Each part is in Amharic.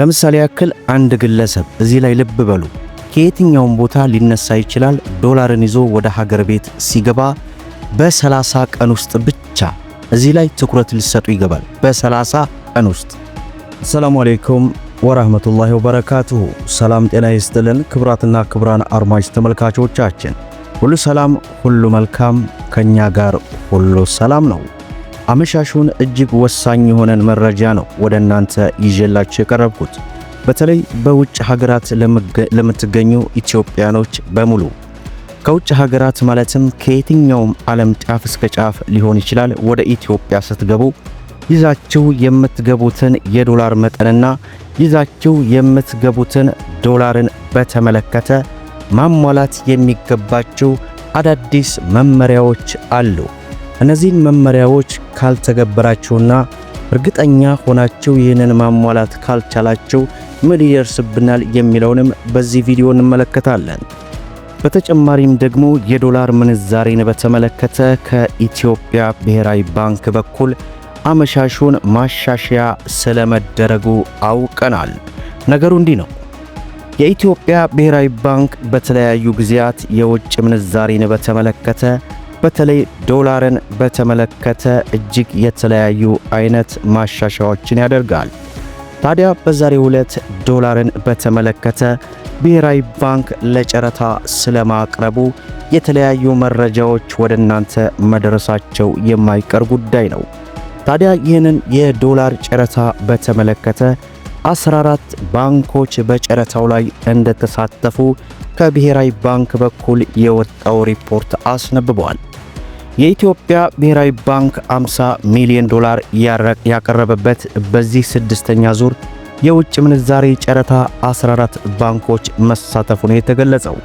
ለምሳሌ ያክል አንድ ግለሰብ እዚህ ላይ ልብ በሉ፣ ከየትኛውም ቦታ ሊነሳ ይችላል። ዶላርን ይዞ ወደ ሀገር ቤት ሲገባ በ30 ቀን ውስጥ ብቻ እዚህ ላይ ትኩረት ሊሰጡ ይገባል። በ30 ቀን ውስጥ አሰላሙ አሌይኩም ወራህመቱላሂ ወበረካቱሁ። ሰላም ጤና ይስጥልን ክብራትና ክብራን አድማጭ ተመልካቾቻችን ሁሉ ሰላም ሁሉ መልካም፣ ከኛ ጋር ሁሉ ሰላም ነው። አመሻሹን እጅግ ወሳኝ የሆነን መረጃ ነው ወደ እናንተ ይዤላችሁ የቀረብኩት። በተለይ በውጭ ሀገራት ለምትገኙ ኢትዮጵያኖች በሙሉ ከውጭ ሀገራት ማለትም ከየትኛውም ዓለም ጫፍ እስከ ጫፍ ሊሆን ይችላል ወደ ኢትዮጵያ ስትገቡ ይዛችሁ የምትገቡትን የዶላር መጠንና ይዛችሁ የምትገቡትን ዶላርን በተመለከተ ማሟላት የሚገባችሁ አዳዲስ መመሪያዎች አሉ። እነዚህን መመሪያዎች ካልተገበራችሁና እርግጠኛ ሆናችሁ ይህንን ማሟላት ካልቻላችሁ ምን ይደርስብናል የሚለውንም በዚህ ቪዲዮ እንመለከታለን። በተጨማሪም ደግሞ የዶላር ምንዛሬን በተመለከተ ከኢትዮጵያ ብሔራዊ ባንክ በኩል አመሻሹን ማሻሻያ ስለመደረጉ አውቀናል። ነገሩ እንዲህ ነው። የኢትዮጵያ ብሔራዊ ባንክ በተለያዩ ጊዜያት የውጭ ምንዛሬን በተመለከተ በተለይ ዶላርን በተመለከተ እጅግ የተለያዩ አይነት ማሻሻያዎችን ያደርጋል። ታዲያ በዛሬው ዕለት ዶላርን በተመለከተ ብሔራዊ ባንክ ለጨረታ ስለማቅረቡ የተለያዩ መረጃዎች ወደ እናንተ መድረሳቸው የማይቀር ጉዳይ ነው። ታዲያ ይህንን የዶላር ጨረታ በተመለከተ 14 ባንኮች በጨረታው ላይ እንደተሳተፉ ከብሔራዊ ባንክ በኩል የወጣው ሪፖርት አስነብቧል። የኢትዮጵያ ብሔራዊ ባንክ 50 ሚሊዮን ዶላር ያቀረበበት በዚህ ስድስተኛ ዙር የውጭ ምንዛሬ ጨረታ 14 ባንኮች መሳተፉ ነው የተገለጸው።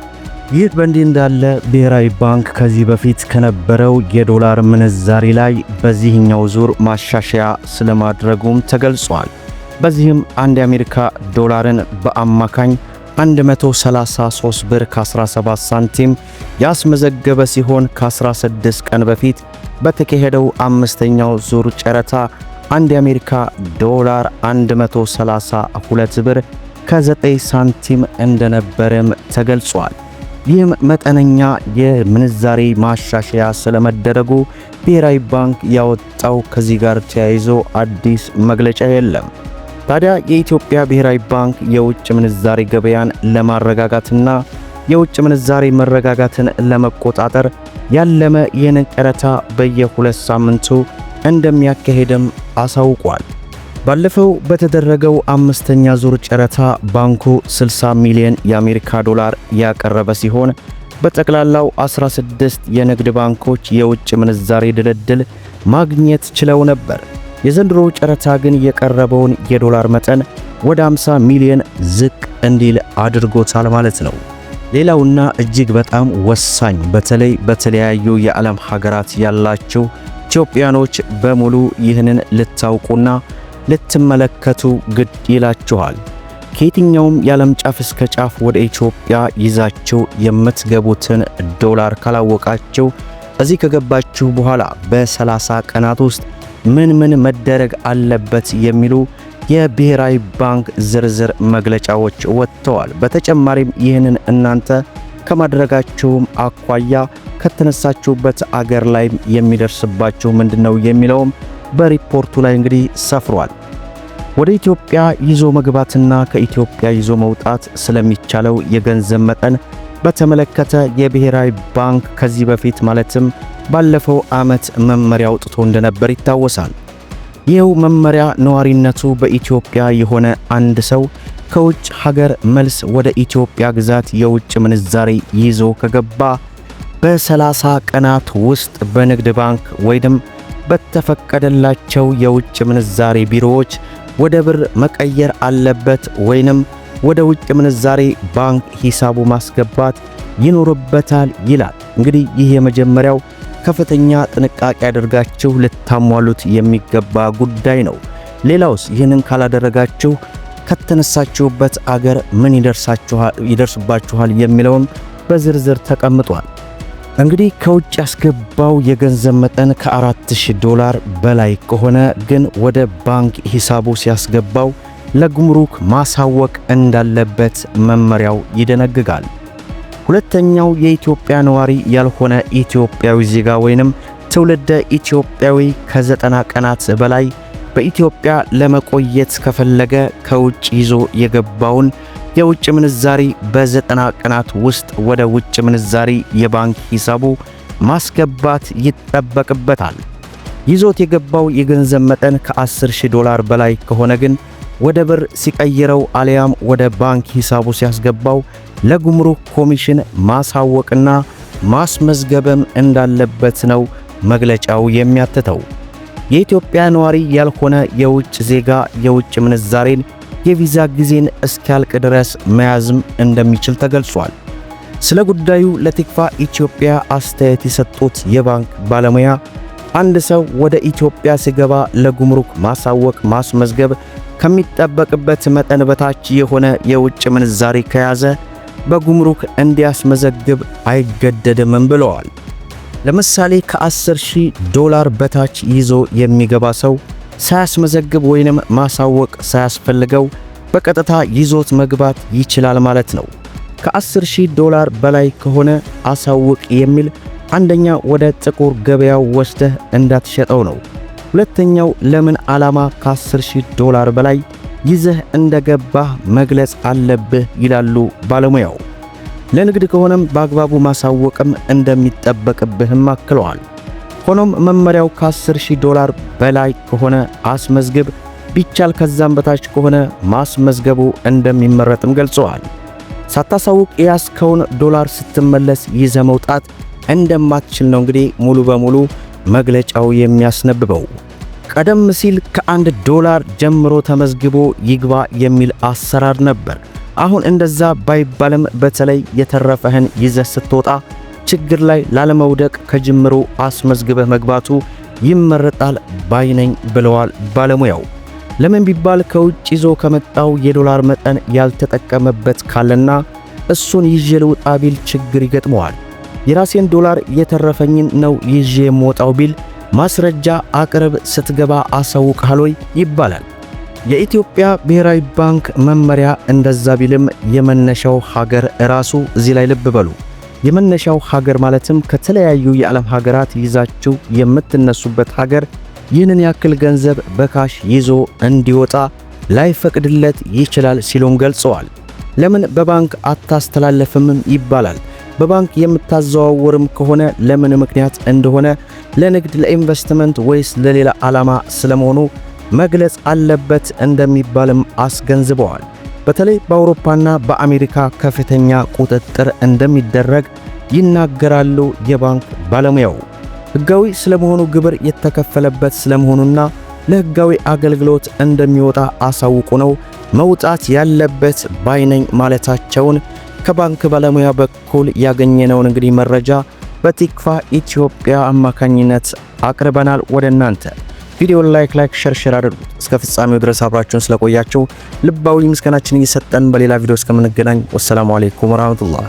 ይህ በእንዲህ እንዳለ ብሔራዊ ባንክ ከዚህ በፊት ከነበረው የዶላር ምንዛሪ ላይ በዚህኛው ዙር ማሻሻያ ስለማድረጉም ተገልጿል። በዚህም አንድ የአሜሪካ ዶላርን በአማካኝ 133 ብር ከ17 ሳንቲም ያስመዘገበ ሲሆን ከ16 ቀን በፊት በተካሄደው አምስተኛው ዙር ጨረታ አንድ የአሜሪካ ዶላር 132 ብር ከ9 ሳንቲም እንደነበረም ተገልጿል። ይህም መጠነኛ የምንዛሬ ማሻሻያ ስለመደረጉ ብሔራዊ ባንክ ያወጣው ከዚህ ጋር ተያይዞ አዲስ መግለጫ የለም። ታዲያ የኢትዮጵያ ብሔራዊ ባንክ የውጭ ምንዛሬ ገበያን ለማረጋጋትና የውጭ ምንዛሬ መረጋጋትን ለመቆጣጠር ያለመ የንግድ ጨረታ በየሁለት ሳምንቱ እንደሚያካሄድም አሳውቋል። ባለፈው በተደረገው አምስተኛ ዙር ጨረታ ባንኩ 60 ሚሊዮን የአሜሪካ ዶላር ያቀረበ ሲሆን በጠቅላላው 16 የንግድ ባንኮች የውጭ ምንዛሬ ድልድል ማግኘት ችለው ነበር። የዘንድሮ ጨረታ ግን የቀረበውን የዶላር መጠን ወደ 50 ሚሊዮን ዝቅ እንዲል አድርጎታል ማለት ነው። ሌላውና እጅግ በጣም ወሳኝ በተለይ በተለያዩ የዓለም ሀገራት ያላችሁ ኢትዮጵያኖች በሙሉ ይህንን ልታውቁና ልትመለከቱ ግድ ይላችኋል። ከየትኛውም የዓለም ጫፍ እስከ ጫፍ ወደ ኢትዮጵያ ይዛችሁ የምትገቡትን ዶላር ካላወቃችሁ እዚህ ከገባችሁ በኋላ በ30 ቀናት ውስጥ ምን ምን መደረግ አለበት የሚሉ የብሔራዊ ባንክ ዝርዝር መግለጫዎች ወጥተዋል። በተጨማሪም ይህንን እናንተ ከማድረጋችሁም አኳያ ከተነሳችሁበት አገር ላይም የሚደርስባችሁ ምንድነው የሚለውም በሪፖርቱ ላይ እንግዲህ ሰፍሯል። ወደ ኢትዮጵያ ይዞ መግባትና ከኢትዮጵያ ይዞ መውጣት ስለሚቻለው የገንዘብ መጠን በተመለከተ የብሔራዊ ባንክ ከዚህ በፊት ማለትም ባለፈው ዓመት መመሪያ አውጥቶ እንደነበር ይታወሳል። ይኸው መመሪያ ነዋሪነቱ በኢትዮጵያ የሆነ አንድ ሰው ከውጭ ሀገር መልስ ወደ ኢትዮጵያ ግዛት የውጭ ምንዛሬ ይዞ ከገባ በሰላሳ ቀናት ውስጥ በንግድ ባንክ ወይም በተፈቀደላቸው የውጭ ምንዛሬ ቢሮዎች ወደ ብር መቀየር አለበት ወይንም ወደ ውጭ ምንዛሬ ባንክ ሂሳቡ ማስገባት ይኖርበታል ይላል። እንግዲህ ይህ የመጀመሪያው ከፍተኛ ጥንቃቄ አድርጋችሁ ልታሟሉት የሚገባ ጉዳይ ነው። ሌላውስ ይህንን ካላደረጋችሁ ከተነሳችሁበት አገር ምን ይደርስባችኋል የሚለውም በዝርዝር ተቀምጧል። እንግዲህ ከውጭ ያስገባው የገንዘብ መጠን ከ4000 ዶላር በላይ ከሆነ ግን ወደ ባንክ ሂሳቡ ሲያስገባው ለጉምሩክ ማሳወቅ እንዳለበት መመሪያው ይደነግጋል። ሁለተኛው የኢትዮጵያ ነዋሪ ያልሆነ ኢትዮጵያዊ ዜጋ ወይንም ትውልደ ኢትዮጵያዊ ከዘጠና ቀናት በላይ በኢትዮጵያ ለመቆየት ከፈለገ ከውጭ ይዞ የገባውን የውጭ ምንዛሪ በዘጠና ቀናት ውስጥ ወደ ውጭ ምንዛሪ የባንክ ሂሳቡ ማስገባት ይጠበቅበታል። ይዞት የገባው የገንዘብ መጠን ከ 10000 ዶላር በላይ ከሆነ ግን ወደ ብር ሲቀይረው አሊያም ወደ ባንክ ሂሳቡ ሲያስገባው ለጉምሩክ ኮሚሽን ማሳወቅና ማስመዝገብም እንዳለበት ነው መግለጫው የሚያትተው። የኢትዮጵያ ነዋሪ ያልሆነ የውጭ ዜጋ የውጭ ምንዛሬን የቪዛ ጊዜን እስኪያልቅ ድረስ መያዝም እንደሚችል ተገልጿል። ስለ ጉዳዩ ለቲክፋ ኢትዮጵያ አስተያየት የሰጡት የባንክ ባለሙያ አንድ ሰው ወደ ኢትዮጵያ ሲገባ ለጉምሩክ ማሳወቅ፣ ማስመዝገብ ከሚጠበቅበት መጠን በታች የሆነ የውጭ ምንዛሪ ከያዘ በጉምሩክ እንዲያስመዘግብ አይገደድምም ብለዋል። ለምሳሌ ከ10 ሺህ ዶላር በታች ይዞ የሚገባ ሰው ሳያስመዘግብ ወይንም ማሳወቅ ሳያስፈልገው በቀጥታ ይዞት መግባት ይችላል ማለት ነው። ከ10 ሺህ ዶላር በላይ ከሆነ አሳውቅ የሚል አንደኛ ወደ ጥቁር ገበያው ወስደህ እንዳትሸጠው ነው። ሁለተኛው ለምን ዓላማ ከ10 ሺህ ዶላር በላይ ይዘህ እንደገባህ መግለጽ አለብህ ይላሉ ባለሙያው። ለንግድ ከሆነም በአግባቡ ማሳወቅም እንደሚጠበቅብህም አክለዋል። ሆኖም መመሪያው ከ10 ሺህ ዶላር በላይ ከሆነ አስመዝግብ፣ ቢቻል ከዛም በታች ከሆነ ማስመዝገቡ እንደሚመረጥም ገልጸዋል። ሳታሳውቅ የያዝከውን ዶላር ስትመለስ ይዘ መውጣት እንደማትችል ነው እንግዲህ ሙሉ በሙሉ መግለጫው የሚያስነብበው። ቀደም ሲል ከአንድ ዶላር ጀምሮ ተመዝግቦ ይግባ የሚል አሰራር ነበር። አሁን እንደዛ ባይባልም በተለይ የተረፈህን ይዘህ ስትወጣ ችግር ላይ ላለመውደቅ ከጅምሮ አስመዝግበህ መግባቱ ይመረጣል ባይነኝ ብለዋል ባለሙያው። ለምን ቢባል ከውጭ ይዞ ከመጣው የዶላር መጠን ያልተጠቀመበት ካለና እሱን ይዤ ልውጣ ቢል ችግር ይገጥመዋል። የራሴን ዶላር የተረፈኝን ነው ይዤ የምወጣው ቢል ማስረጃ አቅርብ፣ ስትገባ አሳውቃለሁ ይባላል። የኢትዮጵያ ብሔራዊ ባንክ መመሪያ እንደዛ ቢልም የመነሻው ሀገር ራሱ እዚህ ላይ ልብ በሉ። የመነሻው ሀገር ማለትም ከተለያዩ የዓለም ሀገራት ይዛችሁ የምትነሱበት ሀገር ይህንን ያክል ገንዘብ በካሽ ይዞ እንዲወጣ ላይፈቅድለት ይችላል ሲሉም ገልጸዋል። ለምን በባንክ አታስተላለፍም ይባላል። በባንክ የምታዘዋውርም ከሆነ ለምን ምክንያት እንደሆነ ለንግድ ለኢንቨስትመንት ወይስ ለሌላ ዓላማ ስለመሆኑ መግለጽ አለበት እንደሚባልም አስገንዝበዋል። በተለይ በአውሮፓና በአሜሪካ ከፍተኛ ቁጥጥር እንደሚደረግ ይናገራሉ የባንክ ባለሙያው። ሕጋዊ ስለመሆኑ ግብር የተከፈለበት ስለመሆኑና ለሕጋዊ አገልግሎት እንደሚወጣ አሳውቁ ነው መውጣት ያለበት ባይነኝ ማለታቸውን ከባንክ ባለሙያ በኩል ያገኘነውን እንግዲህ መረጃ በቲክፋ ኢትዮጵያ አማካኝነት አቅርበናል ወደ እናንተ። ቪዲዮን ላይክ ላይክ ሼር ሼር አድርጉት። እስከ ፍጻሜው ድረስ አብራችሁን ስለቆያችሁ ልባዊ ምስጋናችን እየሰጠን በሌላ ቪዲዮ እስከምንገናኝ ወሰላሙ አሌይኩም ወራህመቱላህ።